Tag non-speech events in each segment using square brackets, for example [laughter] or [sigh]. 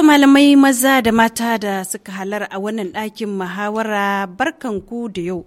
To malamai maza da mata da suka halar a wannan ɗakin muhawara barkan ku da yau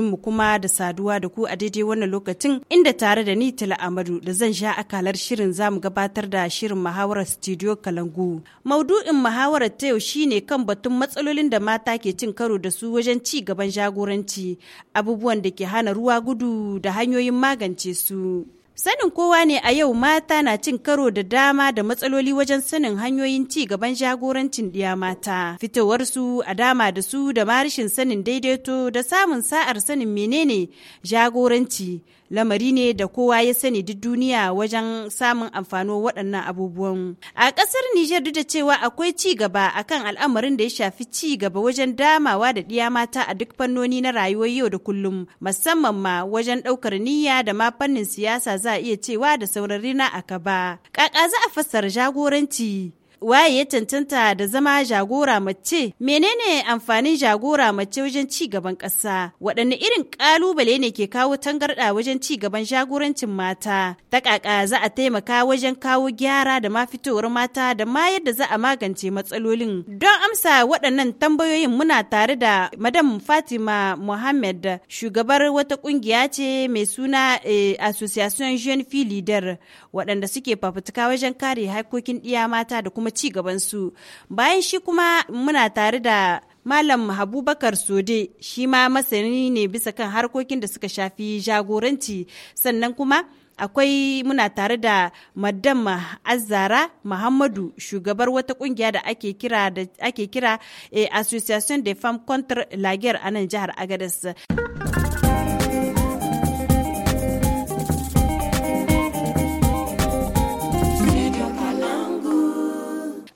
mu kuma da saduwa da ku a daidai wannan lokacin inda tare da ni Tala Amadu da zan sha akalar shirin zamu gabatar da shirin muhawarar Studio Kalangu. Maudu'in muhawara ta yau shine kan batun matsalolin da mata ke cin karo da su wajen ci gaban jagoranci, abubuwan da ke hana ruwa gudu da hanyoyin magance su. Sanin kowa ne a yau mata na cin karo da dama da matsaloli wajen sanin hanyoyin ci gaban jagorancin ɗiya mata. Fitowarsu a dama da su da marishin sanin daidaito da samun sa'ar sanin menene jagoranci lamari ne da kowa ya sani duk duniya wajen samun amfano waɗannan abubuwan. A ƙasar Nijar duk da cewa akwai ci gaba akan al'amarin da ya shafi ci gaba wajen damawa da ɗiya mata a duk fannoni na rayuwar yau da kullum musamman ma wajen ɗaukar niyya da ma fannin siyasa za a iya cewa da saurari na aka ba. Ƙaƙa za a fassara jagoranci. waye ya cancanta da zama jagora mace menene amfanin jagora mace wajen ci gaban ƙasa waɗanne irin ƙalubale ne ke kawo tangarɗa wajen ci gaban jagorancin mata ta ƙaƙa za a taimaka wajen kawo gyara da ma fitowar mata da ma yadda za a magance matsalolin don amsa waɗannan tambayoyin muna tare da madam fatima muhammad shugabar wata ƙungiya ce mai suna eh, association jeune fille leader waɗanda suke fafutuka wajen kare haƙƙoƙin ɗiya mata da kuma kuma ci gaban su bayan shi kuma muna tare da Malam Habubakar Sode shi ma masani ne bisa kan harkokin da suka shafi jagoranci sannan kuma akwai muna tare da madam azara muhammadu shugabar wata kungiya da ake kira da ake kira eh, association des femmes contre la a nan jihar agadez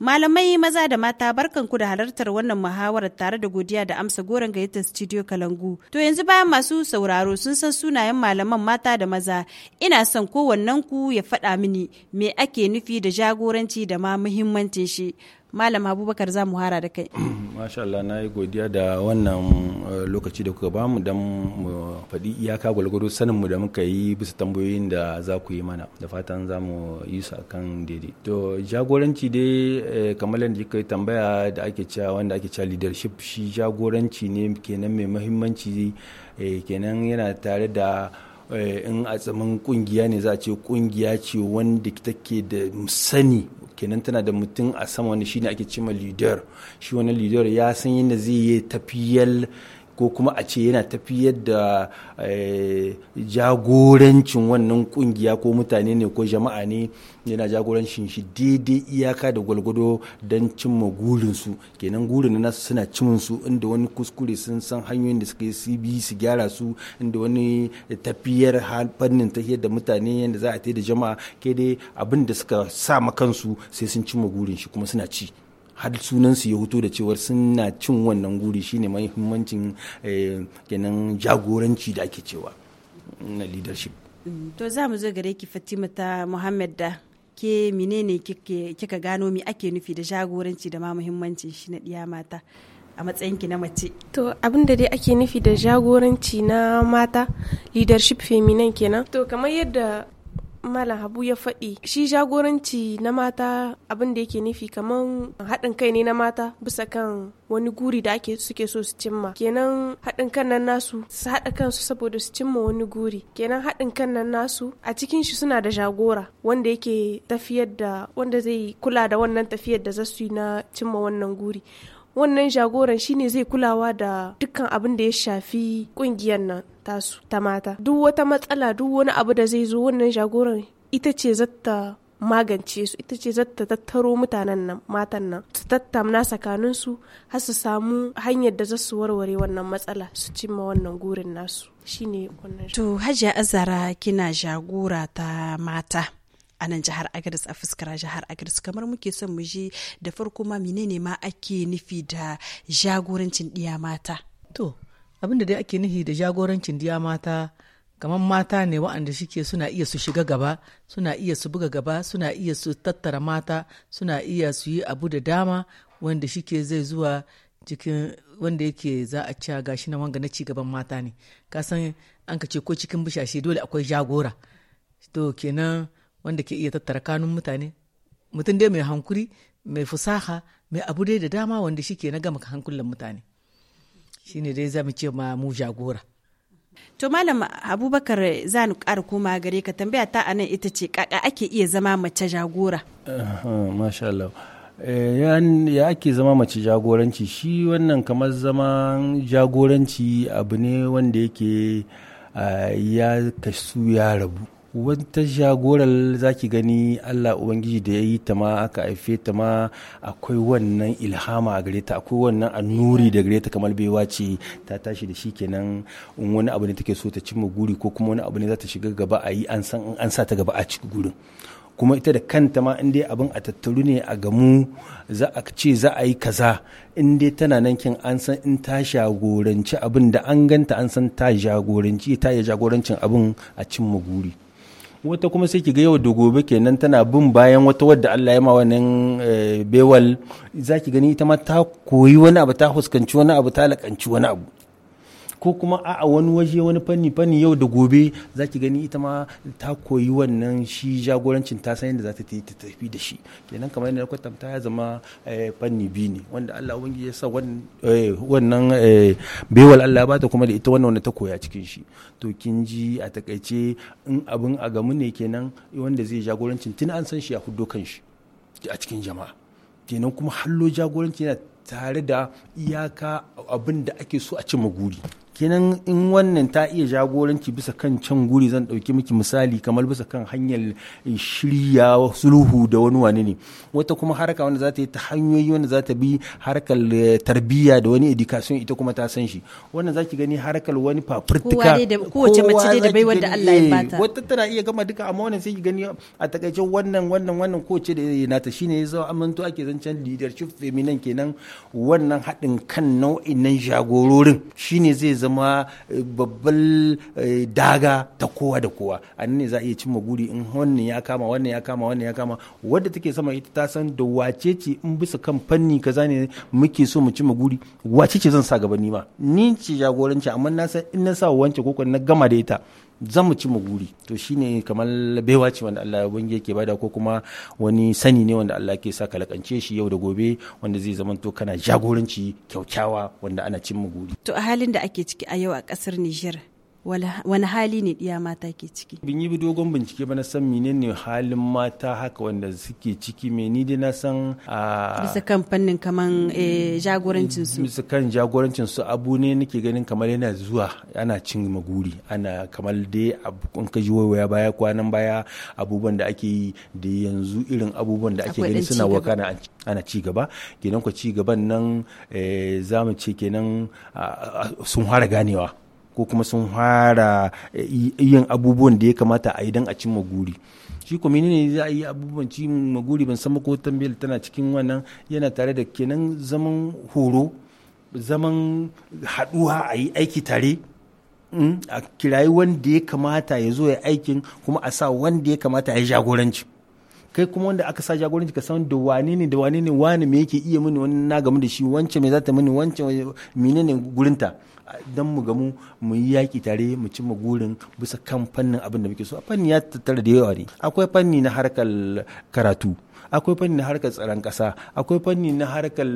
Malamai maza da mata barkan ku da halartar wannan muhawarar tare da godiya da amsa goron gayyatar Studio Kalangu. To yanzu bayan masu sauraro sun san sunayen malaman mata da maza, ina son kowannen ku ya faɗa mini me ake nufi da jagoranci da ma muhimmancin shi. malam abubakar za mu hara da kai [clears throat] masha Allah na yi godiya da wannan eh, lokaci da kuka bamu mu don mu faɗi iyaka gwalgwado sanin mu da muka yi bisa tambayoyin da za ku yi mana da fatan za mu yi su akan daidai to jagoranci dai eh, kamar yadda kika tambaya da ake cewa wanda ake cewa leadership shi jagoranci ne kenan mai muhimmanci eh, kenan yana tare da in a tsamin kungiya ne za a ce kungiya ce wanda take da sani kenan tana da mutum a sama shi shine ake cewa leader shi wani leader ya san yadda zai yi tafiyar ko kuma a ce yana tafiyar da eh, jagorancin wannan kungiya ko mutane ne ko jama'a ne yana jagorancin shi daidai iyaka da gwalgwado don cimma gurinsu kenan gurin na suna cimunsu inda wani kuskure sun san hanyoyin da suka yi su bi su gyara su inda wani tafiyar fannin tafiyar da mutane yadda za a da jama'a ke dai abin da suka sa makansu sai sun cimma gurin shi kuma suna ci har sunansu ya hoto da cewar suna cin wannan guri shine mahimmancin eh, kenan jagoranci da ake cewa na leadership to za mu zo gare ki fatima ta muhammad da ke menene kika gano mi ake nufi da jagoranci da ma muhimmancin shi na ɗiya mata a ki na mace to abin da dai ake nufi da jagoranci na mata leadership feminine kenan to kamar yadda Malam Habu ya faɗi shi jagoranci na mata abin da yake nufi kamar haɗin kai ne na mata bisa kan wani guri da ake suke so su cimma kenan haɗin kan nan nasu su haɗa kansu saboda su cimma wani guri kenan haɗin kan nan nasu a cikin shi suna da jagora wanda yake tafiyar da wanda zai kula da wannan tafiyar da za su yi na cimma wannan guri wannan jagoran shine zai kulawa da dukkan abin da ya shafi kungiyar nan tasu ta mata duk wata matsala duk wani abu da zai zo wannan jagoran ita ce zata magance su ita ce zata tattaro mutanen nan matan nan su tattamna tsakanin su har su samu hanyar da za su warware wannan matsala su cimma wannan gurin nasu shine wannan to hajiya azara kina jagora ta mata a nan jihar agadis a fuskara jihar agadis kamar muke son mu je da farko ma menene ma ake nufi da jagorancin ɗiya mata to abin da dai ake nufi da jagorancin ɗiya mata kamar mata ne waɗanda suke suna iya su shiga gaba suna iya su buga gaba suna iya su tattara mata suna iya su yi abu da dama wanda shike zai zuwa cikin wanda yake za a ci gashi na wanga na ci gaban mata ne kasan an ka ce ko cikin bishashe dole akwai jagora to kenan wanda ke iya tattara kanun mutane mutum dai mai hankuri mai fusaha mai abu dai da dama wanda shi ke na gama hankulan mutane shine dai zamu ce ma mu jagora To Malam Abubakar za ni ƙara koma gare ka tambaya ta anan ita ce kaka ake iya zama mace jagora. Masha Allah. Eh, ya ake zama mace jagoranci shi wannan kamar zama jagoranci abu ne wanda yake ah, ya kasu ya rabu. wata jagorar zaki gani Allah Ubangiji da ya yi ta ma aka haife ta ma akwai wannan ilhama a gare ta akwai wannan annuri da gare ta kamar baiwa ce ta tashi da shi kenan in wani abu ne take so ta cimma guri ko kuma wani abu ne za ta shiga gaba a yi an san an sa ta gaba a cikin gurin kuma ita da kanta ma inda abin a tattaru ne a gamu za a ce za a yi kaza in dai tana nan kin an san in ta shagoranci abin da an ganta an san ta jagoranci ta jagorancin abin a cimma guri. wata kuma sai ki ga yau da gobe kenan tana bin bayan wata wadda Allah ya ma wannan eh, bewal za ki gani ita ma ta koyi wani abu ta fuskanci wani abu ta lakanci wani abu ko kuma a wani waje wani fanni fanni yau da gobe za ki gani ita ma ta koyi wannan shi jagorancin ta san yadda za ta tafi da shi kenan kamar yadda kwatanta ya zama eh, fanni biyu ne wanda Allah wangi ya sa wannan eh, eh, baiwal Allah ba ta kuma da ita wannan wanda ta koya cikin shi to kin ji a takaice in abin a gamu ne kenan wanda zai jagorancin tun an san shi ya hudo kan shi a cikin jama'a kenan kuma hallo jagoranci yana tare da iyaka abin da ake so a cima guri kenan in wannan ta iya jagoranci bisa kan can guri zan dauki miki misali kamar bisa kan hanyar eh, shirya sulhu da wani wani ne wata kuma harka wanda za ta yi ta hanyoyi wanda za ta bi harkar eh, tarbiyya da wani education ita kuma ta san shi wannan za ki gani harkar wani fafurtuka kowace mace dai da bai wanda Allah ya bata eh, wata tana iya gama duka amma wannan sai ki gani a takaice wannan wannan wannan kowace da yana ta shine ya zama amintu ake zancen leadership feminine kenan wannan haɗin kan nau'in nan jagororin shine zai zama zama eh, babban eh, daga ta kowa da kowa a nan ne za a iya cimma guri in wannan ya kama wannan ya kama wannan ya kama wadda take sama ita ta san da wace ce in bisa kan fanni kaza ne muke so mu cimma guri wace ce zan sa gaba ni ma ni ce jagoranci amma na san in na sa wance ko na gama da ita za mu ci guri to shine kamar baiwa ce wanda Allah ya yake bada ko kuma wani sani ne wanda Allah ke sa lakance shi yau da gobe wanda zai zama to kana jagoranci kyaukyawa wanda ana cimma guri to a halin da ake ciki a yau a kasar Niger wani hali ne ɗiya mata ke ciki. Bin yi dogon bincike ba na san menene halin mata haka wanda suke ciki me ni dai na san a bisa kan fannin kaman eh, jagorancin bisa kan jagorancin abu ne nake ganin kamar yana zuwa ana cin maguri ana kamar dai in ka ji waya baya kwanan baya abubuwan da ake yi da yanzu irin abubuwan da ake gani suna wakana ana ci gaba kenan ku ci gaban nan eh, za ce kenan sun fara ganewa ko kuma sun fara eh, yin abubuwan da ya kamata a yi don a cin maguri shi kuma ne za a yi abubuwan cin maguri ban san ko tambayar tana cikin wannan yana tare da kenan zaman horo zaman haɗuwa a yi aiki tare hmm, a kirayi wanda ya kamata ya zo ya aikin kuma a sa wanda ya kamata ya jagoranci kai kuma wanda aka sa jagoranci ka san da wani ne da wani ne wani me yake iya mini wani na gamu da shi wance me za ta mini wance mine ne gurinta dan mu gamu mu yi yaƙi tare mu ci mu gurin bisa kan fannin abin da muke so fanni ya tattara da yawa ne akwai fanni na harkar karatu akwai fanni na harkar tsaron ƙasa akwai fanni na harkar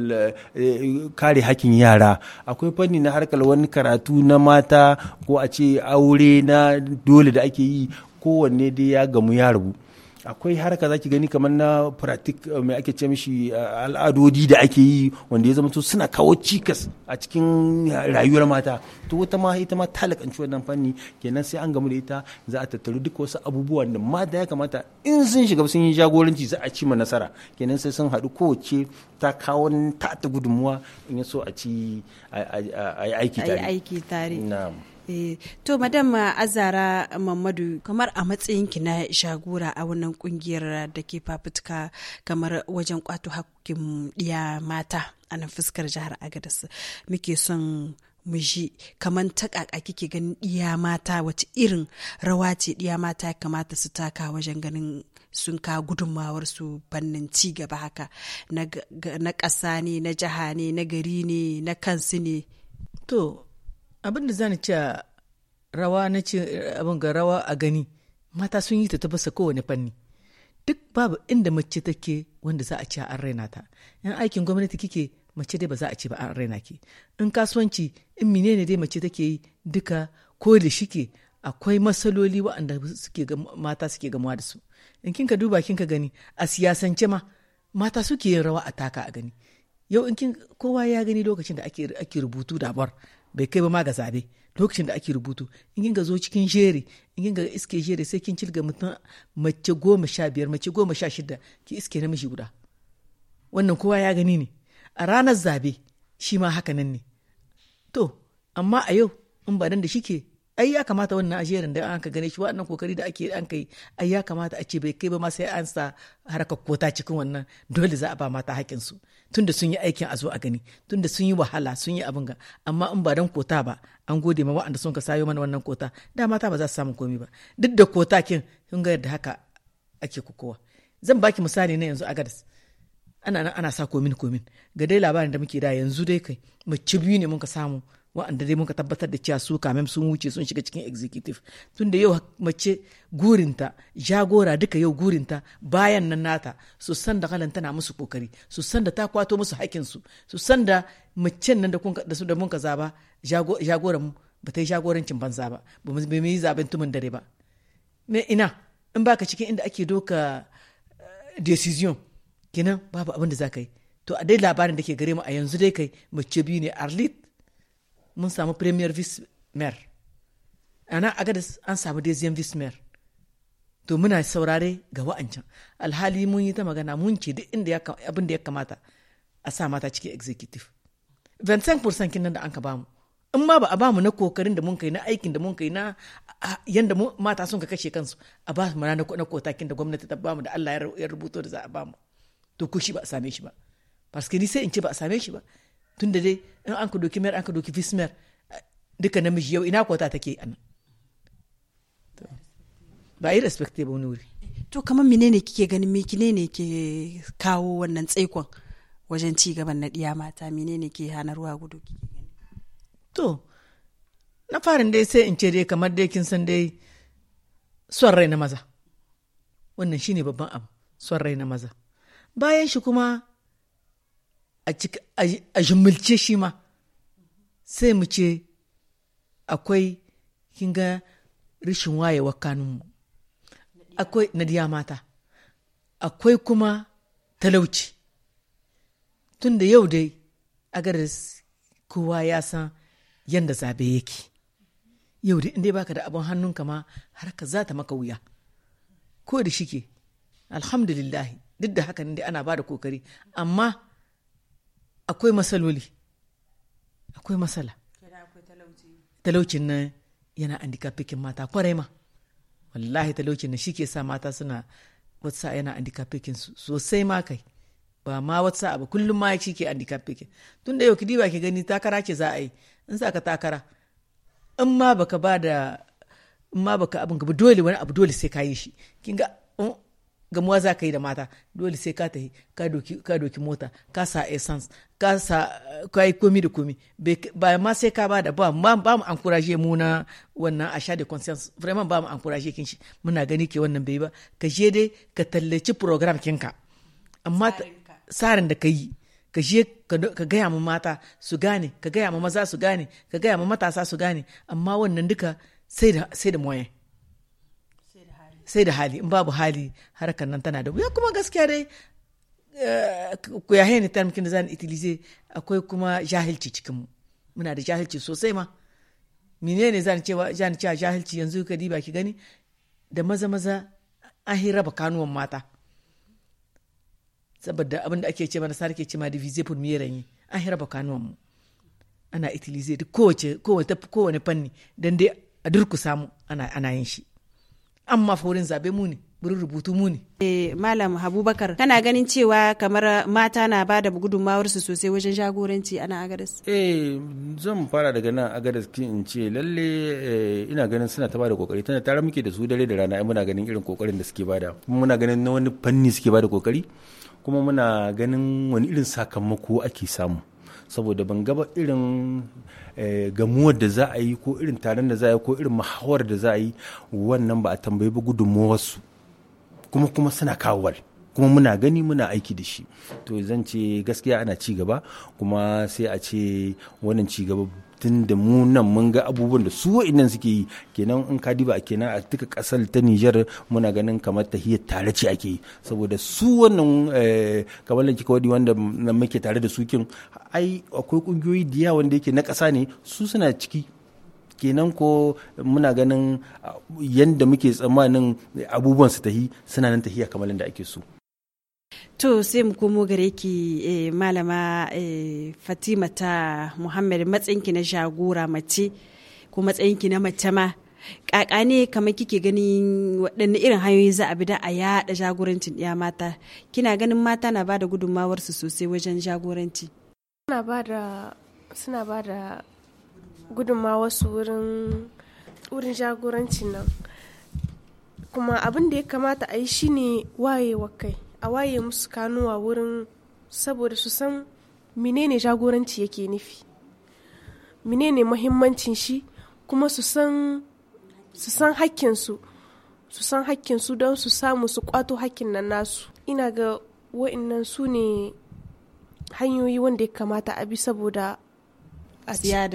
eh, kare hakkin yara akwai fanni na harkar wani karatu na mata ko a ce aure na dole da ake yi kowanne dai ya gamu ya rabu akwai harka zaki gani kamar na pratik eh, mai ake ce mishi eh, al'adodi da ake yi wanda ya zama to suna kawo cikas a cikin eh, rayuwar mata to wata ma ita ma talakanci wannan fanni kenan sai an gamu da ita za a tattaru duka wasu abubuwan da mata ya kamata in sun shiga sun yi jagoranci za a ci ma nasara kenan sai sun haɗu kowace ta kawo ta ta gudunmuwa in ya so a ci a yi aiki tare. Eh, to madam azara mamadu kamar a matsayin matsayinki na shagora a wannan kungiyar da ke fafutuka kamar wajen kwato hakkin ɗiya mata a nan fuskar jihar agadas muke son mu ji kamar takaka kike ganin ɗiya mata wata irin rawa ce ɗiya mata ya kamata su taka wajen ganin sun ka gudunmawar su fannin ci gaba haka na ƙasa ne na jiha ne na gari ne na kansu ne to abin da zan ce rawa na ce abin ga rawa a gani mata sun yi ta ta basa kowane fanni duk babu inda mace take wanda za a ci an raina ta yan aikin gwamnati kike mace dai ba za a ce ba an raina ki in kasuwanci in menene dai mace take yi duka ko da shike akwai matsaloli waɗanda suke mata suke gamuwa da su in kin ka duba kin ka gani a siyasance ma mata suke yin rawa a taka a gani yau in kowa ya gani lokacin da ake ake rubutu da bar bai kai ba ma ga zabe lokacin da ake rubutu in kinga zo cikin jere in kinga iske jere sai kin cilga mutum mace goma sha biyar mace goma sha shida ki iske namiji guda wannan kowa ya gani ne a ranar zabe shi ma haka nan ne to amma a yau in ba nan da shike ai ya kamata wannan ajerin da an ka gane shi wannan kokari da ake an kai ai ya kamata a ce bai kai ba ma sai an sa harkar kota cikin wannan dole za a ba mata hakkin su tunda sun yi aikin a zo a gani tunda sun yi wahala sun yi abin ga amma in ba dan kota ba an gode ma waɗanda sun ka sayo mana wannan kota da mata ba za su samu komi ba duk da kota kin sun ga yadda haka ake kokowa zan baki misali na yanzu a gadas ana ana sa komin komin ga dai labarin da muke da yanzu dai kai mace biyu ne mun ka samu wa'anda dai muka tabbatar da cewa su kamin sun wuce sun shiga cikin executive tun da yau mace gurinta jagora duka yau gurinta bayan nan nata su san da kalan tana musu kokari su san da ta kwato musu hakinsu su san da mace nan da su da kaza zaba jagoran mu ba ta yi jagorancin banza ba ba mu yi zaben tumin dare ba me ina in baka cikin inda ake doka eh, decision kenan babu abin da za ka yi to a dai labarin da ke gare mu a yanzu dai kai mace biyu ne arlit mun samu premier vice mayor a aga da an samu deuxième vice mayor to muna saurare ga wa'ancan alhali mun yi ta magana mun ce duk inda abin da ya kamata a sa mata cikin executive 25% kin nan da an ka bamu in ma ba a bamu na kokarin da mun kai na aikin da mun kai na yanda mata sun ka kashe kansu a ba mu na na kotakin da gwamnati ta bamu da Allah ya rubuto da za a bamu to ko shi ba a same shi ba parce que ni sai in ce ba a same shi ba tunda dai in an ka doki mayar an ka doki fismer duka namiji yau ina kwata take a nan ba a yi respecte ba wani wuri to kamar mine ne kike ganin miki, ne ne ke kawo wannan tsaikon wajen ci gaban na ɗiya mata ne ke hana ruwa gudu to na farin dai sai in ce dai kamar dai kin san dai son rai na maza wannan shine babban abu son rai na maza bayan shi kuma a jimilce shi ma sai mu ce akwai kinga rashin wayewa kanunmu akwai diya mata akwai kuma talauci tun da yau dai agaris kowa ya san yadda zabe yake yau da inda baka da abin hannunka ma har ka za ta maka wuya ko da shike alhamdulillah duk da haka dai ana ba da kokari amma akwai masaloli akwai masala talaucin nan yana handicapikin mata kwarai ma wallahi talaucin nan ke sa mata suna wata yana andika su sosai ma kai ba ma wata abu kullum ma shi ke handicapikin tun da yau ki diba gani takara ce za a yi in sa ka takara in ma baka ba da in ma baka abin ka dole wani abu dole sai ka yi shi kin ga gamuwa za ka yi da mata dole sai ka tafi ka doki mota ka sa essence ka sa ka yi komi da komi ba ma sai ka ba da ba ba mu encourage mu na wannan a sha conscience vraiment ba mu encourage kin shi muna gani ke wannan bai ba ka je dai ka tallaci program kin ka amma tsarin da ka yi ka je ka gaya ma mata su gane ka gaya ma maza su gane ka gaya ma matasa su gane amma wannan duka sai da moye. sai da hali in babu hali harkar nan tana da wuya kuma gaskiya dai eh, ku yahe ne tarmikin da zan itilize akwai kuma jahilci cikin mu muna da jahilci sosai ma mine ne zan cewa zan cewa jahilci yanzu ka diba ki gani da maza maza an hira ba kanuwan mata saboda abin da ake ce mana sarki ce ma divize pour mieux régner an hira ba kanuwan mu ana itilize duk kowace kowace kowane fanni dan dai a durkusa mu ana ana yin shi amma fa wurin zabe mu ne rubutu mu ne eh, malam Habubakar kana ganin cewa kamar mata na ba da gudunmawar su sosai wajen jagoranci ana agadas eh zan fara daga nan agadas kin in ce lalle eh, ina ganin suna ta bada kokari tana tare muke da su dare da rana muna ganin irin kokarin da suke bada kuma muna ganin na wani fanni suke bada kokari kuma muna ganin wani irin sakamako ake samu saboda ban gaba irin eh, gamuwar da za a yi ko irin taron da za a yi ko irin muhawar da za a yi wannan ba a tambayi ba gudunmuwarsu kuma kuma suna kawowar kuma muna gani muna aiki da shi to zan ce gaskiya ana ci gaba kuma sai a ce wannan ci gaba tun da mu nan mun ga abubuwan da su wa'innan suke yi kenan in ka diba kenan a duka kasar ta Nijar muna ganin kamar tahiyar tare ce ake yi saboda su wannan eh, kamar lanki kawai wanda muke tare da su kin ai akwai kungiyoyi da yawa wanda yake na kasa ne su suna ciki kenan ko muna ganin ah, yanda muke tsammanin abubuwan su tahi suna nan tahiya kamar da ake so To sai mu komo gare ki eh, malama eh, Fatima ta Muhammad matsayinki na jagora mace ko matsayinki na mace ma kaka ne kamar kike ganin waɗanne irin hanyoyi za a bi da a yaɗa jagorancin ɗiya mata kina ganin mata na ba da gudunmawarsu sosai wajen jagoranci suna ba da gudunmawarsu wurin wurin jagorancin nan kuma abin da ya kamata a yi shine wayewa kai a waye musu kanuwa wurin saboda su san menene jagoranci yake nufi menene muhimmancin shi kuma su san su san hakkinsu su san hakkinsu don su samu su kwato hakkin nan nasu ina ga wa'annan su ne hanyoyi wanda ya kamata a bi saboda a siya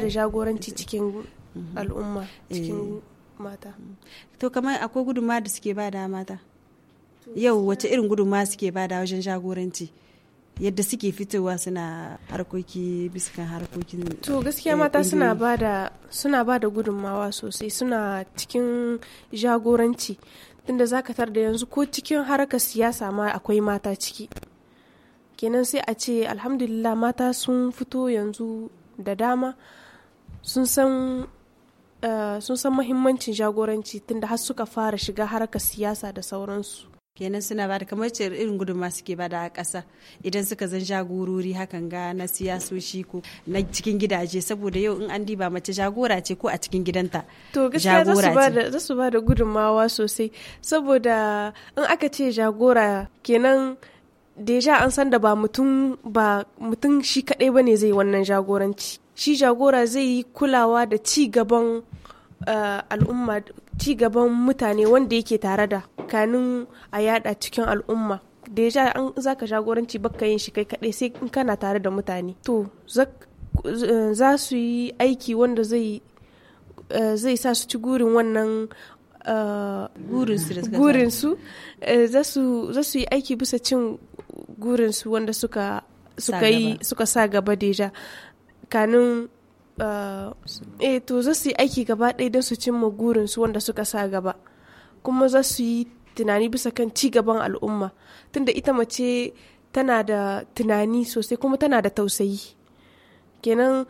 da jagoranci cikin mhm. al'umma cikin eh. mata to kamar akwai gudunma da suke ba da mata yau wace irin gudunmawa suke bada wajen jagoranci yadda suke fitowa suna harkoki bisikan harkokin to gaskiya eh, mata suna bada suna bada gudunmawa sosai suna cikin jagoranci tunda zaka tar da yanzu ko cikin harkar siyasa ma akwai mata ciki kenan sai a ce alhamdulillah mata sun fito yanzu da dama sun san eh, sun san mahimmancin jagoranci tunda har suka fara shiga harkar siyasa da sauransu kenan suna ba da kamar ce irin gudunma suke ba da ƙasa idan suka zan jagorori hakan ga na siyasoshi ko na cikin gidaje saboda yau in an diba mace jagora ce ko a cikin gidanta to gaskiya za su ba da gudunmawa sosai saboda in aka ce jagora kenan deja an san da ba mutum ba mutum shi kaɗai ba ne zai wannan jagoranci shi jagora zai yi kulawa da ci gaban eh, al'umma ci gaban mutane wanda yake tare da kanin a yada cikin al'umma da ya an zaka jagoranci baka yin shi kai kaɗai sai in kana tare da mutane to za su yi aiki wanda eh, zai sa su ci gurin wannan eh, gurinsu eh, za su yi aiki bisa cin gurinsu wanda suka suka yi suka sa gaba deja kanin eh to za su yi aiki gaba ɗaya don su cimma su wanda suka sa gaba kuma za su yi tunani bisa kan ci gaban al'umma tunda ita mace tana da tunani sosai kuma tana da tausayi kenan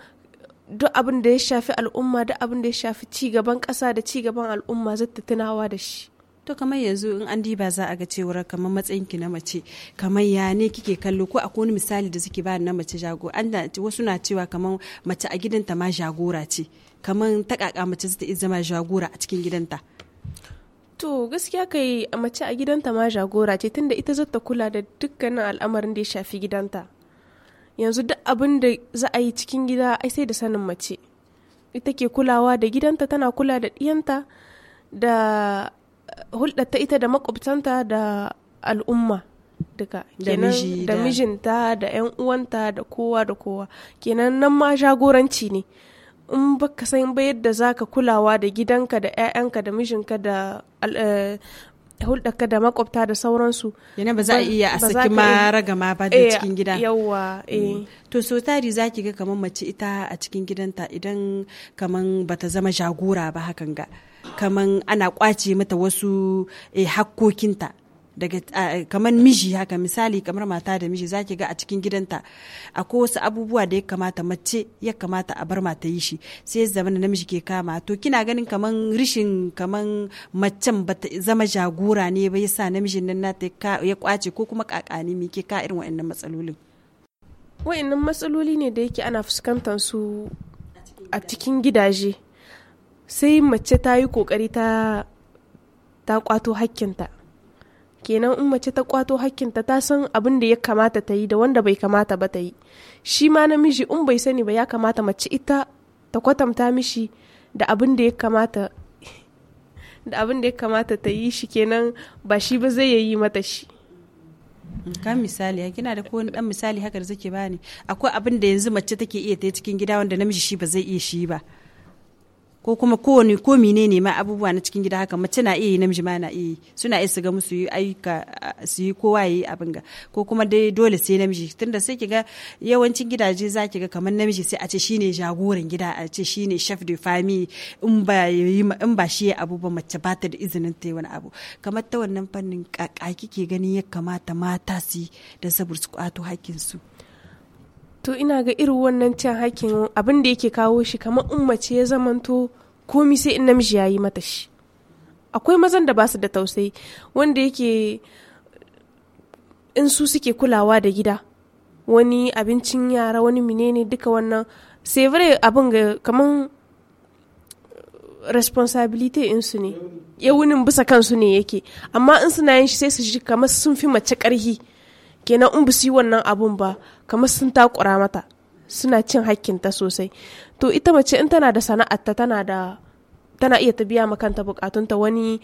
duk abin da ya shafi al'umma duk abin da ya shafi ci gaban ƙasa da ci gaban al'umma zata tunawa da shi to kamar yanzu in an diba za a ga cewar kamar matsayin ki na mace kamar ya ne kike kallo ko akwai wani misali da suke ba na mace jago an da wasu na cewa kamar mace a gidanta ma jagora ce kamar ta kaka mace zata iya zama jagora a cikin gidanta To gaskiya kai a mace a gidanta ma jagora ce tunda ita zata kula da dukkanin al'amarin da ya shafi gidanta. Yanzu duk abin da za a yi cikin gida ai sai da sanin mace. Ita ke kulawa da gidanta tana kula da ɗiyanta da hulɗata ita da makwabtanta da al'umma duka kenan da mijinta da 'yan uwanta da kowa da kowa kenan nan ma jagoranci ne in baka san ba yadda zaka kulawa da gidanka da 'ya'yanka da mijinka da eh, hulɗaka da makwabta da sauransu yana ba za a iya a saki ma ragama ba da eh, cikin gida yawa eh. mm. to so tari za ki ga kamar mace ita a cikin gidanta idan kamar bata zama jagora ba hakan ga kaman ana kwace mata wasu eh, hakkokinta daga kamar miji haka misali kamar mata da miji zaki ga a cikin gidanta akwai wasu abubuwa da ya kamata mace ya kamata a bar mata yi shi sai zaman da namiji ke kama to kina ganin kamar rishin kamar macen ba zama jagora ne ba yasa namijin nan nata ya kwace ko kuma kakani mai ke ka irin wa'annan matsalolin wa'annan matsaloli ne da yake ana fuskantar su a cikin gidaje sai mace ta yi kokari ta ta kwato hakkinta kenan in mace ta kwato hakkinta ta san abin da ya kamata ta yi da wanda bai kamata ba ta yi shi ma namiji in bai sani ba ya kamata mace ita ta kwatanta mishi da abin da ya kamata da abin da ya kamata ta yi shi kenan ba shi ba zai yi mata shi ka misali kina da kowane dan misali haka da zake bani akwai abin da yanzu mace take iya ta cikin gida wanda namiji shi ba zai iya shi ba ko kuma kowane ko mine ne ma abubuwa na cikin gida haka mace na iya yi namiji ma na iya suna iya su ga musu yi ayyuka su yi kowa yi abin ga ko kuma dai dole sai namiji tunda sai ga yawancin gidaje za ki ga kamar namiji sai a ce shine jagoran gida a ce shine chef de famille in ba in ba shi abu ba mace ba ta da izinin ta yi wani abu kamar ta wannan fannin kaka ke ganin ya kamata mata su yi da saboda su kwato hakkin su to ina ga irin wannan cin hakin abin da yake kawo shi kamar ummace ya zamanto komi sai in namiji ya yi mata shi akwai mazan da basu da tausayi wanda yake in su suke kulawa da gida wani abincin yara wani menene duka wannan sevre abin ga kamar responsibility insu ne yawunin bisa kansu ne yake amma in suna yin shi sai su ji kamar sun fi mace karhi kenan in su yi wannan abun ba kamar sun takura mata suna cin hakkin ta sosai to ita mace in tana da sana'arta tana da tana iya ta biya kanta bukatunta wani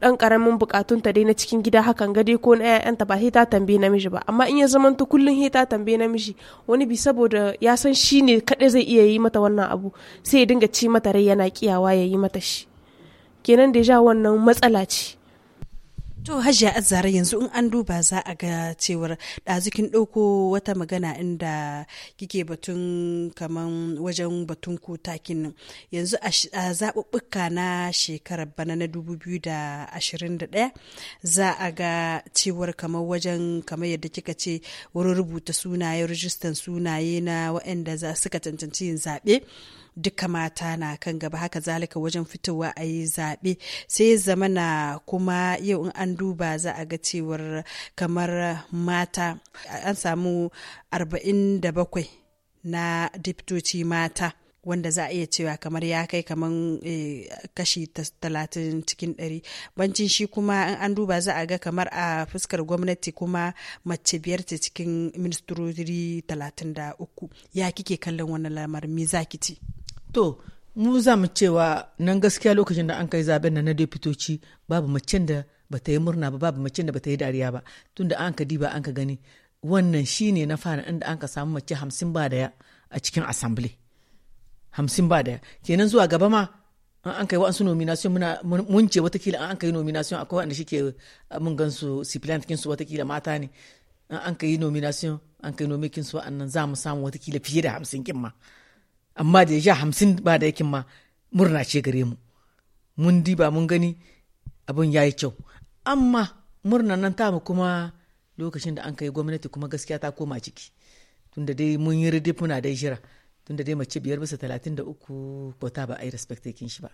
dan karamin bukatunta dai na cikin gida hakan gade ko na ƴaƴanta ba hita tambaye namiji ba amma in ya zaman ta kullun hita tambaye namiji wani bi saboda ya san shi ne kaɗai zai iya yi mata wannan abu sai ya dinga ci mata rai yana kiyawa ya yi mata shi kenan deja wannan matsala ce To hajiya azara yanzu in an duba za a ga cewar ɗazikin ɗauko wata magana inda kike batun kaman wajen batun ko takin yanzu a zaɓuɓɓuka na shekarar bana na 2021 za a ga cewar kamar wajen kamar yadda kika ce wurin rubuta sunaye rajistan sunaye na waɗanda suka cancanci yin zaɓe duka mata na kan gaba haka zalika wajen fitowa a yi zaɓe sai zamana kuma yau in an duba za a ga cewar kamar mata an samu 47 na diptoci mata wanda za a iya cewa kamar ya kai kamar eh, kashi talatin cikin ɗari bancin shi kuma in an duba za a ga kamar a fuskar gwamnati kuma mace biyar ta cikin ministrori talatin ya kike kallon wani lamar me za ki ci to mu za mu cewa nan gaskiya lokacin da an kai zaben nan na deputoci babu macen da bata yi murna ba babu macen da bata yi dariya ba tunda an ka diba an ka gani wannan shine na fara inda an ka samu mace hamsin ba daya a cikin assembly hamsin ba daya kenan zuwa gaba ma an kai su nomination muna mun ce watakila an kai nomination akwai wanda shike mun gan su siplant kin su watakila mata ne an an kai nomination an kai nomi su wa'annan za mu samu watakila fiye da hamsin kin ma amma da ya sha hamsin ba da yakin ma murna ce gare mu mun diba mun gani abin ya yi kyau amma murna nan tamu kuma lokacin da an kai gwamnati kuma gaskiya ta koma ciki tunda dai mun yi ridi muna dai jira tunda dai mace biyar bisa talatin da uku kwata ba a yi respectakin shi ba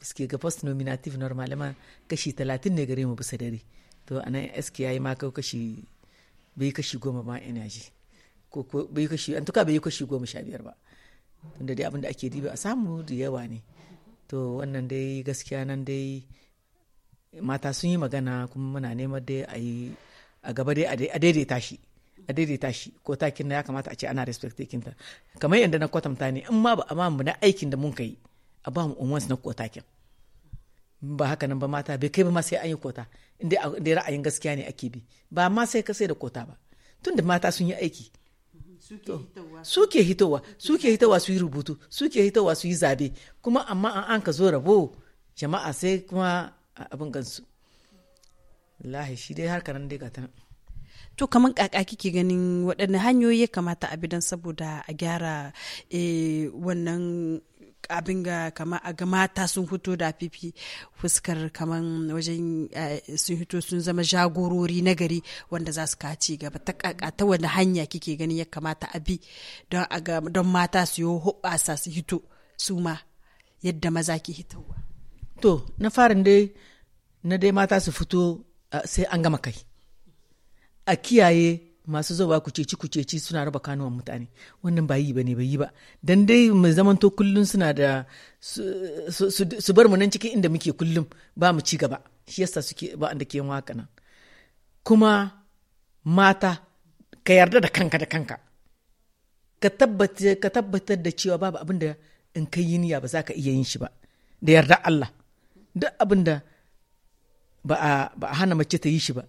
biske ga post nominative ma kashi talatin ne gare mu bisa dare to a nan sk ya yi ma kashi bai kashi goma ma energy ko bai kashi an tuka bai kashi goma sha biyar ba tunda dai abin da ake diba a samu da yawa ne to wannan dai gaskiya nan dai mata sun yi magana kuma muna neman dai a yi a gaba dai a daidaita shi a daidaita shi ko takin na ya kamata a ce ana respect takin ta kamar yadda na kwatanta ne in ma ba a mamu na aikin da mun kai a ba mu umwansu na ko takin ba haka nan ba mata bai kai ba ma sai an yi kota inda ra'ayin gaskiya ne ake bi ba ma sai ka sai da kota ba Tunda mata sun yi aiki suke hitowa suke hitowa su yi rubutu suke hitowa su yi zabe kuma amma an an ka zo rabo jama'a sai kuma abin gansu lahi shi dai har karan dai gata to kamar kaka kike ganin waɗanne hanyoyi ya kamata a bidan saboda a gyara eh, wannan abin ga kama a ga mata sun fito da fifi fuskar kaman wajen eh, sun fito sun zama jagorori na gari wanda za su kaci gaba ta kakata wani hanya kike ganin ya kamata a bi don a ga don mata su yi hoɓasa su hito su ma yadda maza ke hitowa to na farin dai na dai mata su fito eh, sai an gama kai a kiyaye masu zowa ku ceci ku ceci suna raba kanuwan mutane wannan ba yi ba ne ba yi ba dan dai mu zamanto kullum suna da su bar mu nan cikin inda muke kullum ba mu ci gaba shi yasa suke ba da ke waka nan kuma mata ka yarda da kanka da kanka ka tabbatar da cewa babu abin da in kai yi niyya ba za ka iya yin shi ba da yarda Allah duk abin da ba a hana mace ta yi shi ba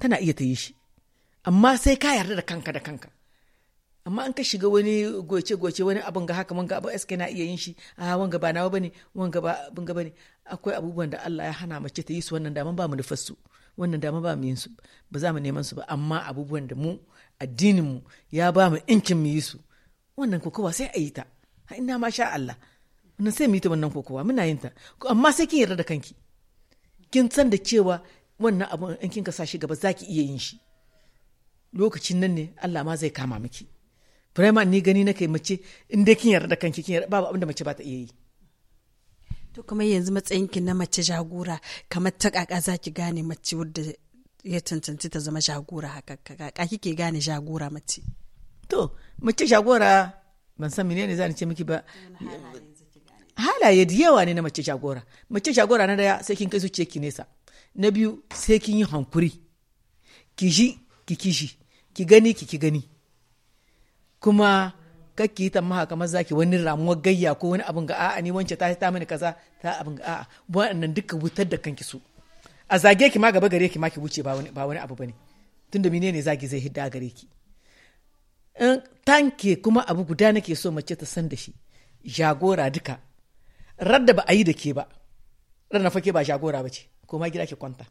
tana iya ta yi shi amma sai ka yarda da kanka da kanka amma an ka shiga wani goce goce wani abin ga haka wanga abin eske na iya yin shi a wanga ba nawa bane wanga ba abin ga bane akwai abubuwan da Allah ya hana mace ta yi su wannan daman ba mu nufar su wannan daman ba mu yin su ba za mu neman su ba amma abubuwan da mu addinin mu ya ba mu incin mu yi su wannan kokowa sai a yi ta ina ma sha Allah wannan sai mu yi ta wannan kokowa muna yin ta amma sai kin yarda da kanki kin san da cewa wannan abu in kin ka sa shi gaba zaki iya yin shi lokacin nan ne Allah ma zai kama miki Firaiman ni gani na kai mace in dai kin yarda da kanki kin yarda babu abinda da mace ba ta iya yi to kuma yanzu matsayinki na mace jagora kamar ta kaka zaki gane mace wadda ya tantance ta zama jagora haka kaka kike gane jagora mace to mace jagora ban san menene zan ce miki ba halaye da yawa ne na mace jagora mace jagora na daya sai kin kai zuciyarki nesa na biyu sai kin yi hankuri ki ji ki kishi ki gani ki ki gani kuma kakki yi tamaha kamar zaki wani ramuwar gayya ko wani abin ga a'a ni wance ta ta mini kaza ta abin ga a'a wannan duka wutar da kanki su a zage ki ma gaba gare ki ma ki wuce ba wani ba wani abu bane tunda mine ne zagi zai hidda gare ki in tanke kuma abu guda nake so mace ta san da shi jagora duka radda ba a yi da ke ba radda na fake ba jagora ba ce ko ma gida ki kwanta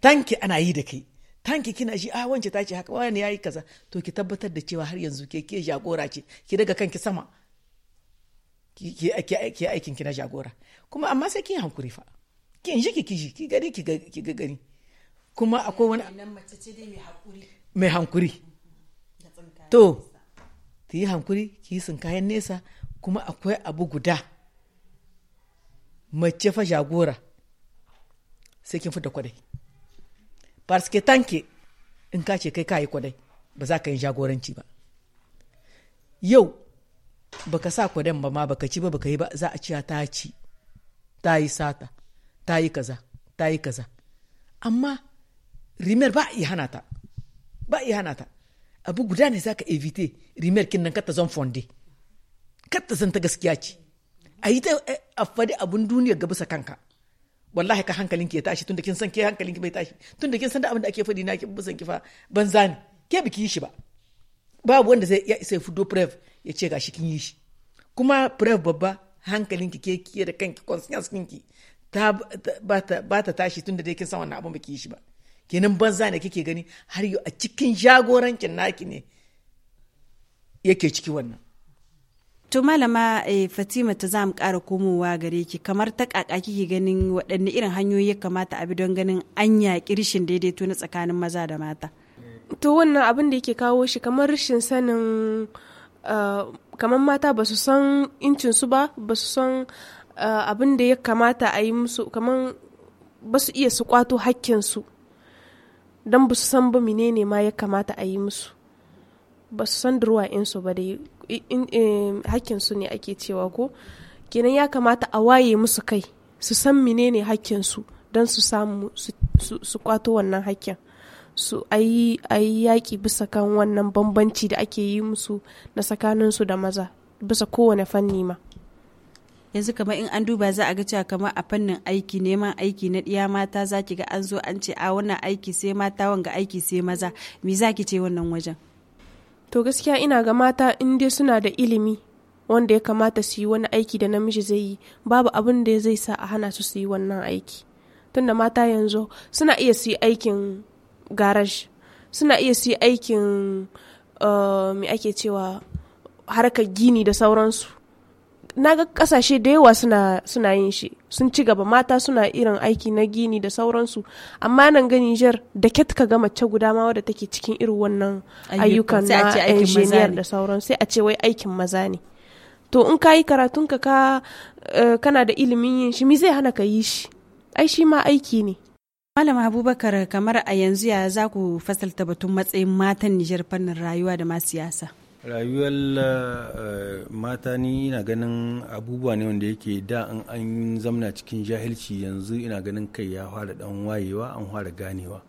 tanke ana yi da kai tanki kina shi a ah, wance ta ce haka wani yayi kaza to ki tabbatar da cewa har yanzu ke ke jagora ce ki daga kanki sama ki ki aikin kina jagora kuma amma sai ki hankuri fa ki ji ki ji ki gari ki ga gari kuma akwai wani mai hankuri to ki yi hankuri ki yi kayan nesa kuma akwai abu guda mace fa jagora sai kin fita kwadai parce que tanke in ka ce kai ka yi kwadai ba za ka yi jagoranci ba yau ba ka sa kwadan ba ma ba ka ci ba ba ka yi ba za a ciya ta ci ta yi sata ta yi kaza ta yi kaza amma rimer ba iya hana ta ba iya hana ta abu guda ne za ka evite rimer kin nan kata zon fonde kata zan ta gaskiya ce a yi ta eh, a fadi abun duniya ga bisa kanka wallahi ka hankalinki ya tashi tunda kin san ke hankalinki bai tashi tunda kin san da abin da ake faɗi na kin ki fa banza ne ke biki yi shi ba babu wanda zai sai fudo prev ya ce gashi kin yi shi kuma prev babba hankalinki ke ke da kanki conscience kinki ta ba ta tashi tunda dai kin san wannan abin biki yi shi ba kenan banza ne kike gani har yau a cikin jagorancin naki ne yake ciki wannan To malama eh, Fatima ta za mu ƙara komowa gare ki kamar ta ƙaƙa kike ganin waɗanne irin hanyoyi ya kamata a bi don ganin an yaƙi rishin daidaito na tsakanin maza da mata. To wannan abin da yake kawo shi kamar rishin sanin eh, kamar mata ba su san incin su ba ba su san eh, abin da ya kamata a yi musu kamar ba su iya su kwato hakkin su don ba su san ba menene ma ya kamata a yi musu ba su san durwa ba dai su ne ake cewa ko kenan ya kamata a waye musu kai su san menene su don su samu su kwato wannan hakkin su ayi ayi yaƙi bisa kan wannan bambanci da ake yi musu na tsakaninsu da maza bisa kowane fanni ma yanzu kamar in an duba za a ga cewa kamar a fannin aiki neman aiki na ɗiya mata za ki ga an zo an ce a wannan aiki sai mata wanga aiki sai maza me za ki ce wannan wajen to gaskiya ina ga mata in dai suna da ilimi wanda ya kamata su yi wani aiki da namiji zai yi babu abin da zai sa a hana su su yi wannan aiki tunda mata yanzu suna iya su yi aikin garaj suna iya su yi aikin uh, ake cewa harkar gini da sauransu na ga kasashe da yawa suna suna yin shi sun ci gaba mata suna irin aiki na gini da sauransu amma nan ga Nijar da ket ka ga mace guda ma wadda take cikin irin wannan ayyukan na engineer da sauran sai a ce wai aikin maza ne to in ka yi karatun ka eh, kana da ilimin yin shi mi zai hana ka yi shi ai shi ma aiki ne Malam Abubakar kamar a yanzu ya za ku fasalta batun matsayin matan Nijar fannin rayuwa da ma siyasa. rayuwar eh, mata ni ina ganin abubuwa ne wanda yake da an an zamna cikin jahilci yanzu ina ganin kai ya fara dan wayewa an fara ganewa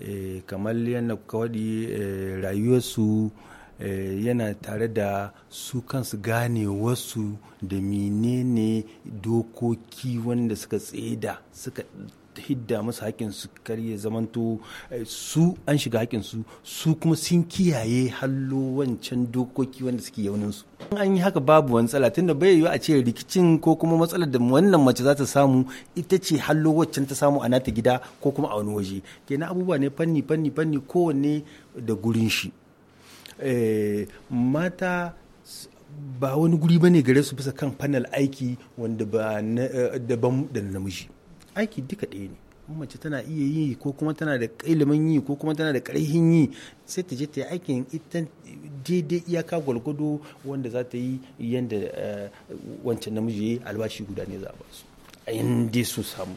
eh, kamar yadda kuka waɗi eh, rayuwarsu yana tare da su kansu gane wasu da menene dokoki wanda suka tseda suka hidda musu hakkin su ya zamanto eh, su an shiga haƙƙinsu su su kuma sun kiyaye hallo wancan dokoki wanda suke yauninsu an yi haka babu wani tsala tunda bai yiwu a ce rikicin ko kuma matsalar da wannan mace za ta samu ita ce hallo waccan ta samu a nata gida ko kuma a wani waje kenan abubuwa ne fanni fanni fanni kowanne da gurin shi eh, mata ba wani guri ne gare su bisa kan fanal aiki wanda ba eh, daban da namiji aiki duka ɗaya ne mace tana iya yi ko kuma tana da ilimin yi ko kuma tana da ƙarfin yi sai ta je ta yi aikin ita daidai iyaka gwalgwado wanda za ta yi yadda eh, wancan namiji albashi guda ne za a ba su a yanda su samu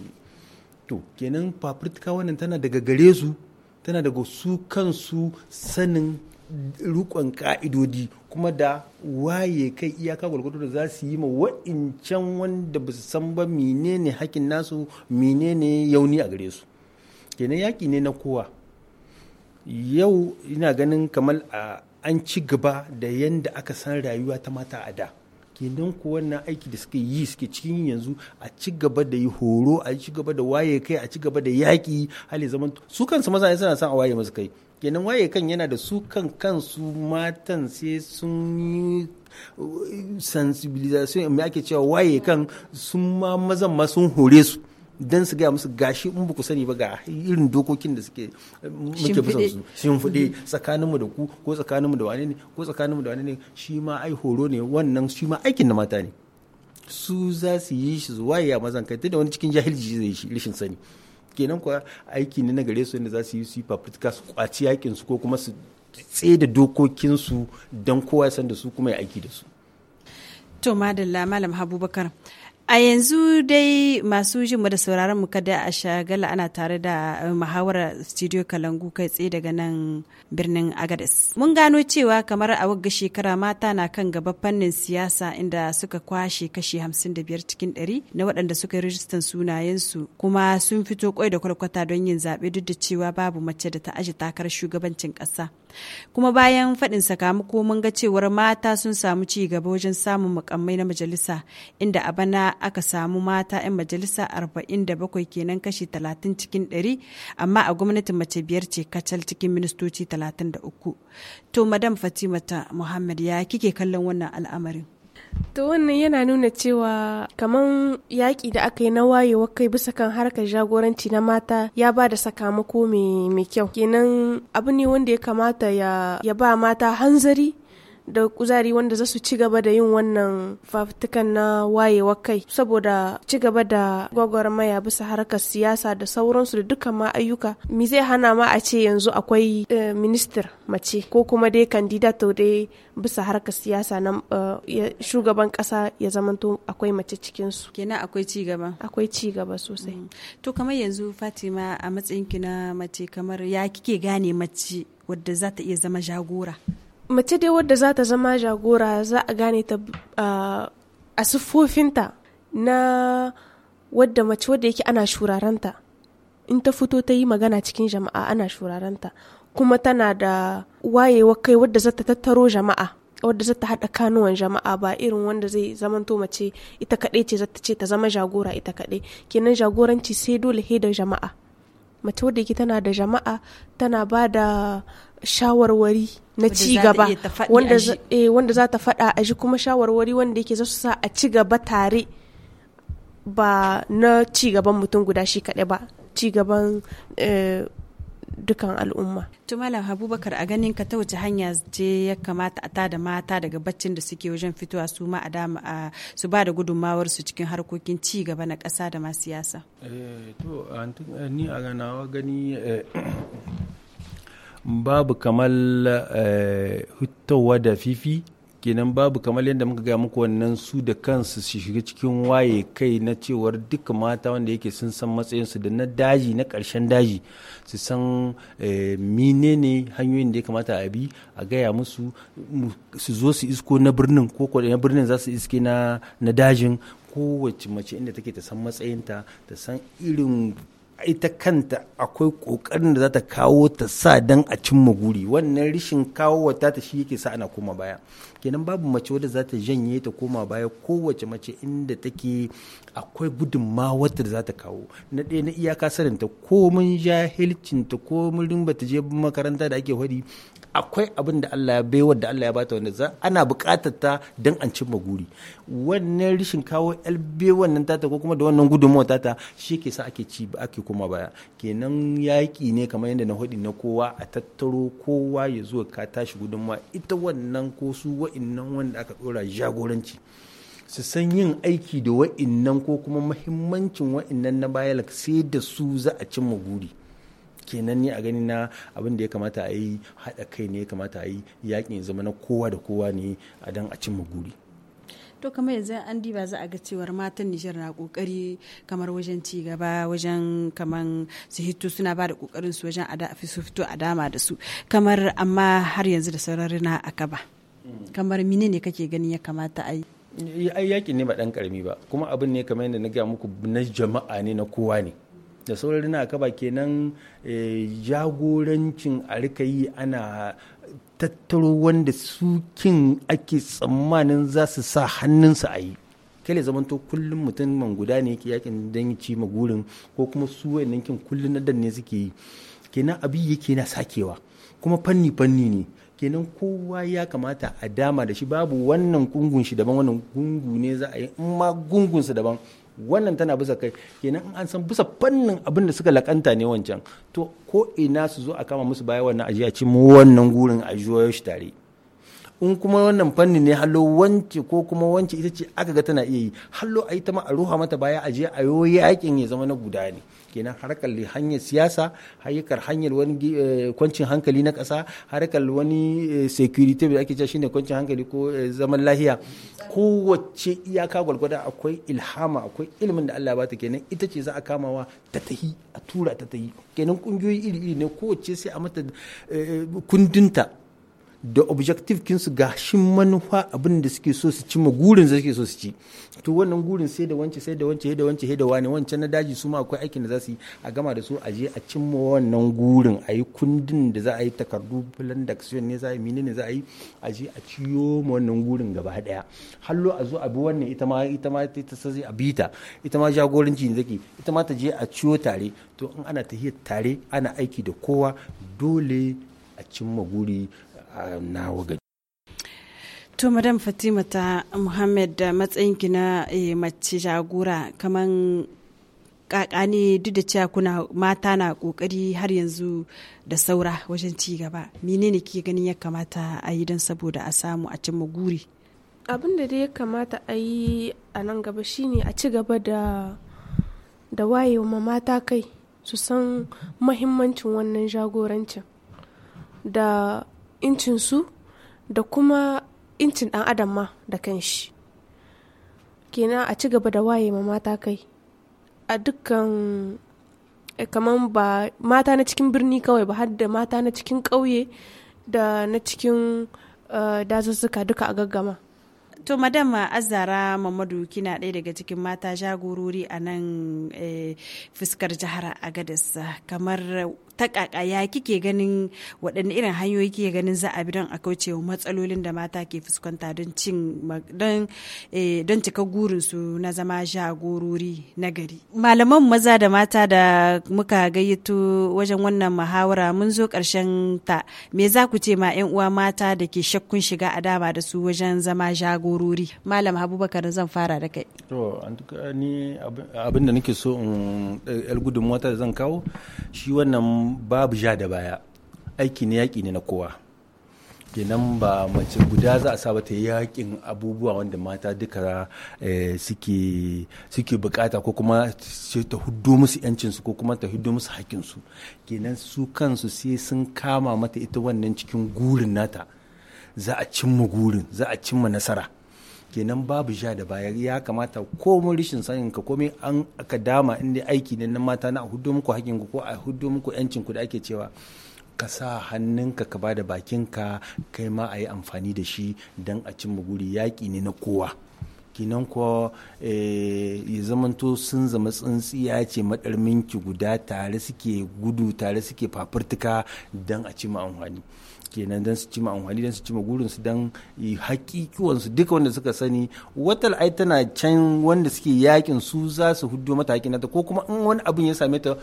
to kenan fafirtika wannan tana daga gare su tana daga su kansu sanin rukon ka'idodi kuma da waye kai iyaka gwargwado da za su yi ma wa'incan wanda ba su san ba menene hakin nasu menene yauni a gare su kenan yaƙi ne na kowa yau ina ganin kamar an ci gaba da yadda aka san rayuwa ta mata a da kenan ku wannan aiki da suka yi suke cikin yanzu a ci gaba da yi horo a ci gaba da waye kai a ci gaba da yaƙi hali zaman su kansu maza suna son a waye masu kai kenan waye kan yana da su kan kansu matan sai sun yi uh, sensibilization me ake cewa waye kan sun ma mazan ma sun hore su don su gaya musu gashi in ba ku sani ba ga irin dokokin da suke uh, muke fusan su tsakanin tsakaninmu da ku ko tsakaninmu da wane ne ko tsakaninmu da wane ne shi ma ai horo ne wannan shi ma aikin na mata ne su za su yi shi zuwa ya mazan kai da wani cikin jahilci zai shi rishin sani kenan kuwa aiki ne na gare su inda za su yi su yi fafutuka su kwaci yakin su ko kuma su tse da dokokinsu don kowa ya san da su kuma ya aiki da su. To Madalla Malam Habubakar A yanzu dai masu jinmu da sauraron mu kada a shagala ana tare da eh, muhawarar studio Kalangu kai tsaye daga nan birnin Agadez. Mun gano cewa kamar a wagga shekara mata na kan gaba fannin siyasa inda suka kwashe kashi 55 cikin 100 na waɗanda suka yi rijistan sunayensu kuma sun fito kwai da kwalkwata don yin zaɓe duk da cewa babu mace da ta aji takarar shugabancin ƙasa. kuma bayan faɗin sakamako mun ga cewar mata sun samu ci gaba wajen samun makamai na majalisa inda a bana aka samu mata 'yan majalisa 47 kenan kashi 30 cikin 100 amma a gwamnatin mace biyar ce kacal cikin ministoci 33 to madam fatimata muhammad ya kike kallon wannan al'amarin To wannan yana nuna cewa kaman yaƙi da aka yi na wayewa kai bisa kan harkar jagoranci na mata ya ba da sakamako mai kyau. Kenan abu ne wanda ya kamata ya ba mata hanzari da kuzari wanda za su ci gaba da yin wannan fafutukan na wayewa kai saboda ci gaba da gwagwarmaya bisa harkar siyasa da sauransu da dukkan ma ayyuka mi zai hana ma a ce yanzu akwai eh, minister mace ko kuma dai to dai bisa harkar siyasa na eh, shugaban kasa ya zamanto akwai mace cikinsu kenan akwai ci gaba akwai ci gaba sosai mm. to kamar yanzu fatima a matsayinki na mace kamar ya kike gane mace wadda za ta iya zama jagora mace dai wadda za ta zama jagora za a gane ta a siffofinta na wadda mace wadda yake ana shuraranta in ta fito ta yi magana cikin jama'a ana shuraranta kuma tana da wayewa kai wadda za ta tattaro jama'a wadda za ta haɗa kanuwan jama'a ba irin wanda zai zamanto mace ita kaɗai ce za ta ce ta zama jagora ita kaɗai kenan jagoranci sai dole da jama'a mace wadda ke tana da jama'a tana ba da shawarwari na ci gaba eh, wanda za ta faɗa a ji kuma shawarwari wanda yake za su sa a ci gaba tare ba na ci gaban mutum guda shi kaɗai ba ci gaban eh, dukan al'umma. Tumala Abubakar a ganin ka ta wace hanya ce ya kamata a tada mata daga baccin da suke wajen fitowa su ma a su ba da gudunmawar su cikin harkokin ci gaba na kasa da ma siyasa. Eh, to eh, ni a ganawa gani eh, [clears throat] babu kamar hutawa da fifi kenan babu kamar yadda muka gaya muku wannan su da kansu su shiga cikin waye kai na cewar duka mata wanda yake sun san matsayinsu da na daji na karshen daji su san eh, mine ne hanyoyin da ya kamata a bi a gaya musu su zo su isko na birnin ko na birnin za su iske na dajin kowace mace inda take ta san matsayinta ta san irin ita kanta akwai kokarin da za ta kawo ta sa don a cimma guri wannan rishin kawo wata ta shi yake sa ana koma baya kenan babu mace wadda za ta janye ta koma baya kowace mace inda take akwai gudunmawa da za ta kawo na ɗaya na iyaka saninta komin jahilcinta komin ba ta je makaranta da ake hwari akwai abin da Allah ya bai da Allah ya bata wanda za ana buƙatar ta don an cimma guri wannan rishin kawo LB wannan tata ko kuma da wannan gudunmuwa tata shi ke sa ake ci ake kuma baya kenan yaƙi ne kamar yadda na hudu na kowa a tattaro kowa ya zuwa ka tashi gudunma ita wannan ko su wa'innan wanda aka dora jagoranci su san yin aiki da wa'innan ko kuma mahimmancin wa'innan na baya sai da su za a cimma guri kenan ni a gani na abin da ya kamata a yi haɗa kai ne ya kamata a yi yaƙin zama na kowa da kowa ne a dan a cimma guri to kamar yanzu an diba za a ga cewar matan Nijar na kokari kamar wajen ci gaba wajen kamar su hito suna ba da kokarin su wajen a su fito a dama da su kamar amma har yanzu da sauran rina a kaba. kamar mine ne kake gani ya kamata a yi ai yakin ne ba dan karami ba kuma abin ne kamar yadda na gaya muku na jama'a ne na kowa ne da saurari na kaba kenan eh, jagorancin a rika yi ana tattaro wanda sukin ake tsammanin za su sa hannunsa a yi kele zamanto kullum mutum man guda ne yake yakin dan ci ma gurin ko kuma su wayannan kin kullum na ne suke yi kenan abin yake na sakewa kuma fanni fanni ne kenan kowa ya kamata a dama da shi babu wannan gungun shi daban wannan gungu ne za a yi in ma gungun su daban wannan tana bisa kai kenan in an san bisa fannin abin da suka lakanta ne wancan to ko ina su zo a kama musu baya wannan ajiya ci mu wannan gurin a juyo shi tare in kuma wannan fanni ne hallo wance ko kuma wance ita ce aka ga tana iya yi hallo a yi ta ma a ruha mata baya a je yakin ya zama na guda ne kenan harkar hanyar siyasa harkar hanyar wani eh, kwancin hankali na ƙasa harkar wani eh, security da ake cewa shine kwancin hankali ko eh, zaman lahiya kowace iyaka gwalgwada akwai ilhama akwai ilimin da Allah ba ta kenan ita ce za a kamawa ta tahi a tura ta tahi kenan kungiyoyi iri iri ne kowace sai a mata kundinta da objective kinsu ga shi manufa abin da suke so su cimma gurin da suke so su ci to wannan gurin sai da wance sai da wance sai da wance sai da wani wancan na daji su ma akwai aikin da za su yi a gama da su a je a cimma wannan gurin a yi kundin da za a yi takardu plan da ne za a yi menene za a yi a je a ciyo ma wannan gurin gaba daya hallo a zo a bi wannan ita ma ita ma ta sai a bi ta ita ma jagoranci ne take ita ma ta je a ciyo tare to in ana tahiyar tare ana aiki da kowa dole a cimma guri nawa to madam fatima ta muhammad da matsayin na eh, mace jagora kaman kakani duk da cewa kuna mata na kokari har yanzu da saura wajen ci gaba menene ke ganin ya kamata a yi don saboda a samu a cimma guri abin da ya kamata a yi a nan gaba shine a ci gaba da da wayewa mata kai su san mahimmancin wannan jagorancin da incinsu da kuma incin dan adam ma da kanshi kenan a ci gaba da waye ma mata kai a dukkan eh, kamar ba mata na cikin birni kawai ba har da mata na cikin ƙauye da na cikin eh, dazuzzuka duka a gaggama to madama azara mamadu kina ɗaya daga cikin mata jagorori a nan eh, fuskar jihar agadas kamar ta kaka kike ganin waɗanne irin hanyoyi kike ganin za a bi don a kauce wa matsalolin da mata ke fuskanta don cin eh, cika gurin na zama jagorori na gari malaman maza da mata da muka gayyato wajen wannan muhawara mun zo ƙarshen ta me za ku ce ma 'yan uwa mata da ke shakkun shiga a dama da su wajen zama jagorori malam Habubakar zan fara da kai abin da nake so in eh, gudunmuwa da zan kawo shi wannan babu ja da baya aiki ne yaƙi ne na kowa kenan ba mace guda za a saba ta yakin abubuwa wanda mata duka eh, suke bukata ko kuma ta hudu musu yancinsu ko kuma ta hudu musu hakinsu kenan su kansu sai sun kama mata ita wannan cikin gurin nata za a cimma gurin za a cimma nasara kenan babu sha da baya ya kamata komai rishin sanin ka komai an aka dama inda aiki ne na mata na hudu muku hakin ku ko a hudu muku yancin ku da ake cewa ka sa hannunka ka bada bakinka kai ma a yi amfani da shi don a cimma guri yaƙi ne na kowa kinan ko eh, ya zamanto sun zama tsintsiya ce madarminki guda tare suke gudu tare suke fafurtuka don a cimma amfani kenan don su cima amfani don su cima su don hakikiwansu duka wanda suka sani watal ai tana can wanda suke yakin su za su hudu mata hakin ta ko kuma in wani abin ya same ta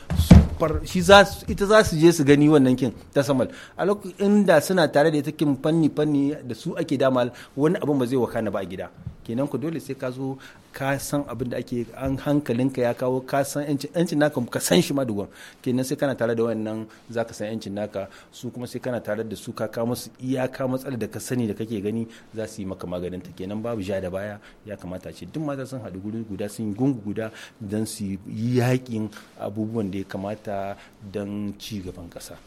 shi za su ita za su je su gani wannan kin ta samal a lokacin inda suna tare da ita kin fanni fanni da su ake damal wani abin ba zai wakana ba a gida kenan ku dole sai ka zo ka san abin da ake an hankalinka ya kawo ka san yancin naka ka san shi ma duwan kenan sai kana tare da wannan zaka san yancin naka su kuma sai kana tare da su ka ka musu iyaka matsalar da ka sani da kake gani za su yi maka maganin ta kenan babu ja da baya ya kamata ce duk mata sun haɗu guri guda sun yi gungu guda don su yi yaƙin abubuwan da ya kamata don ci gaban ƙasa.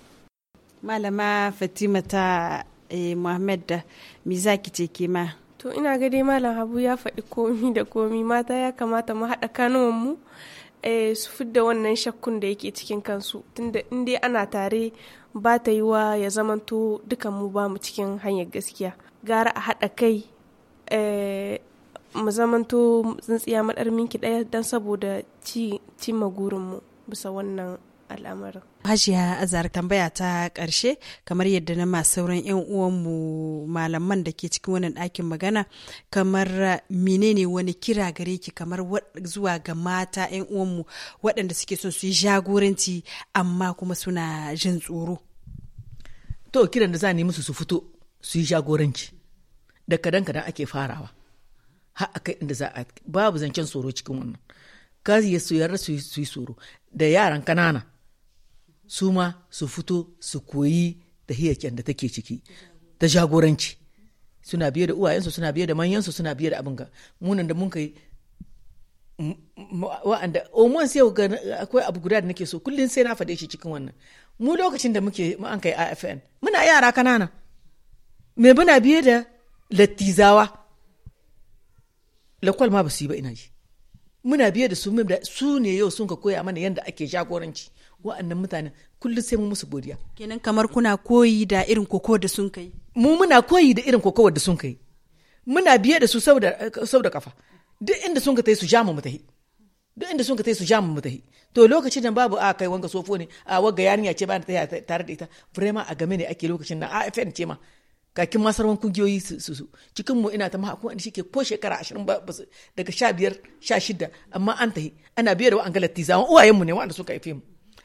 malama fatima ta eh, muhammad me za ki ce ke ma to ina ga dai malam habu ya faɗi komi da komi mata ya kamata mu haɗa kanuwanmu mu eh, su fidda wannan shakkun da yake cikin kansu tunda in dai ana tare ba ta yi wa ya zamanto dukan mu ba mu cikin hanyar gaskiya gara a haɗa kai eh, mu zamanto tsintsiya maɗar minki ɗaya don saboda ci gurinmu bisa wannan al'amarin Hajiya Azar tambaya ta ƙarshe kamar yadda na masu sauran 'yan uwanmu malaman da ke cikin wannan ɗakin magana kamar menene wani kira gare ki kamar zuwa ga mata 'yan uwanmu waɗanda suke son su yi jagoranci amma kuma suna jin tsoro. To kiran da za a musu su fito su yi jagoranci da kadan kadan ake farawa har a kai inda za a babu zancen tsoro cikin wannan. Kazi ya su yarda su yi tsoro da yaran kanana su ma su fito su koyi tahiyar da take ciki ta jagoranci suna biye da uwayensu suna biye da manyansu suna biye da abin ga munan da mun kai wa'anda omon oh, sai ga akwai abu guda da nake so kullum sai na faɗe shi cikin wannan mu lokacin da muke mu an kai AFN muna yara kanana me muna biye da lattizawa lakwal ma ba su yi ba ina ji muna biye da su su ne yau sun ka koya mana yadda ake jagoranci wa'annan mutane kullum sai mu musu godiya kenan kamar kuna koyi da irin koko da sun kai mu muna koyi da irin koko da sun kai muna biye da su sau da kafa duk inda sun ka tai su jamu mu tahi duk inda sun ka tai su jamu mu tahi to lokacin nan babu a kai wanka sofo ne a wagga yarinya ce ba ta tare da ita vraiment a game ne ake lokacin nan a fn ce ma kakin masarwan kungiyoyi su su cikin mu ina ta ma akwai shi ke ko shekara ashirin ba daga sha biyar sha shida amma an tahi ana biye da wa an galattizawan uwayenmu ne wa'anda suka haife mu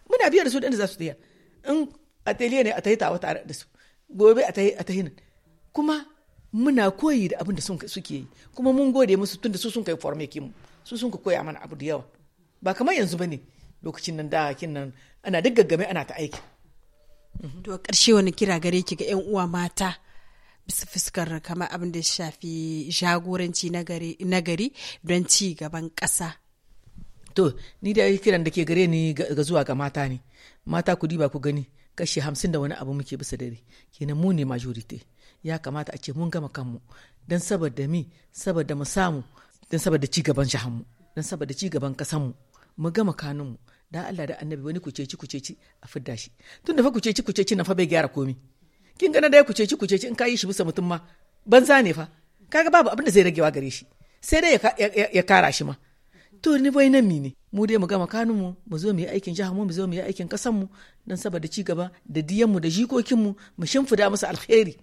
muna biyar da su da za su tsaya in a atelier ne a yi tawa tare da su gobe a ta a kuma muna koyi da abin da suke yi kuma mun gode musu tun da su sun kai forme ki mu su sun ka koya mana abu da yawa ba kamar yanzu ba ne lokacin nan da kin nan ana duk gaggame ana ta aiki mhm. to karshe wani kira gare ki ga yan uwa mata bisa fuskar kamar abin da shafi jagoranci na gari don ci gaban ƙasa to ni da kiran da ke gare ni ga zuwa ga mata ne mata ku ba ku gani kashi hamsin da wani abu muke bisa dare kenan mu ne majority ya kamata a ce mun gama kanmu don saboda mi saboda mu samu don saboda ci gaban shahanmu don saboda ci gaban kasanmu mu gama kanunmu da Allah da annabi wani kuceci kuceci a fidda shi tun da fa kuceci kuceci na fa bai gyara komi kin gana dai kuceci kuceci in ka yi shi bisa mutum ma banza ne fa kaga babu abin da zai ragewa gare shi sai dai ya kara shi ma to ni bai na ne mu dai mu gama kanun mu mu zo mu yi aikin jihar mu mu zo mu yi aikin kasan mu dan saboda ci gaba da diyan mu da jikokin mu mu shimfida musu alheri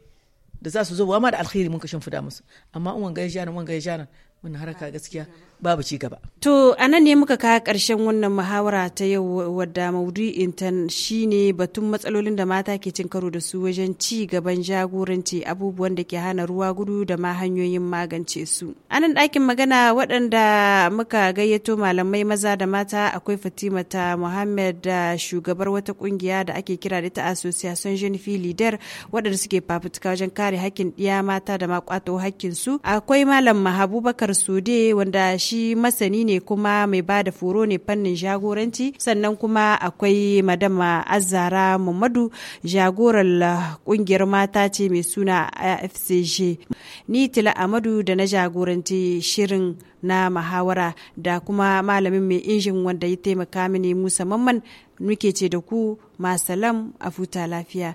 da za su zo wa ma da alheri mun ka shimfida musu amma in wanga ya jana wanga ya jana wani haraka gaskiya babu ci gaba. To a nan ne muka kawo ƙarshen wannan muhawara ta yau wadda maudu'in ta shine batun matsalolin da mata ke cin karo da su wajen ci gaban jagoranci abubuwan da ke hana ruwa gudu da ma hanyoyin magance su. A nan ɗakin magana waɗanda muka gayyato malamai maza da mata akwai Fatima ta Muhammad da shugabar wata ƙungiya da ake kira da ta Association Jeune Leader waɗanda suke fafutuka wajen kare hakkin ɗiya mata da ma ƙwato hakkin su. Akwai Malam Mahabubakar Bubakar Sude wanda shi masani ne kuma mai ba da foro ne fannin jagoranci sannan kuma akwai madama Azara Muhammadu jagorar kungiyar mata ce mai suna AFCG. Ni Tila Amadu da na jagoranci shirin na muhawara da kuma malamin mai injin wanda ya taimaka mini Musa Mamman nuke ce da ku masalam a futa lafiya.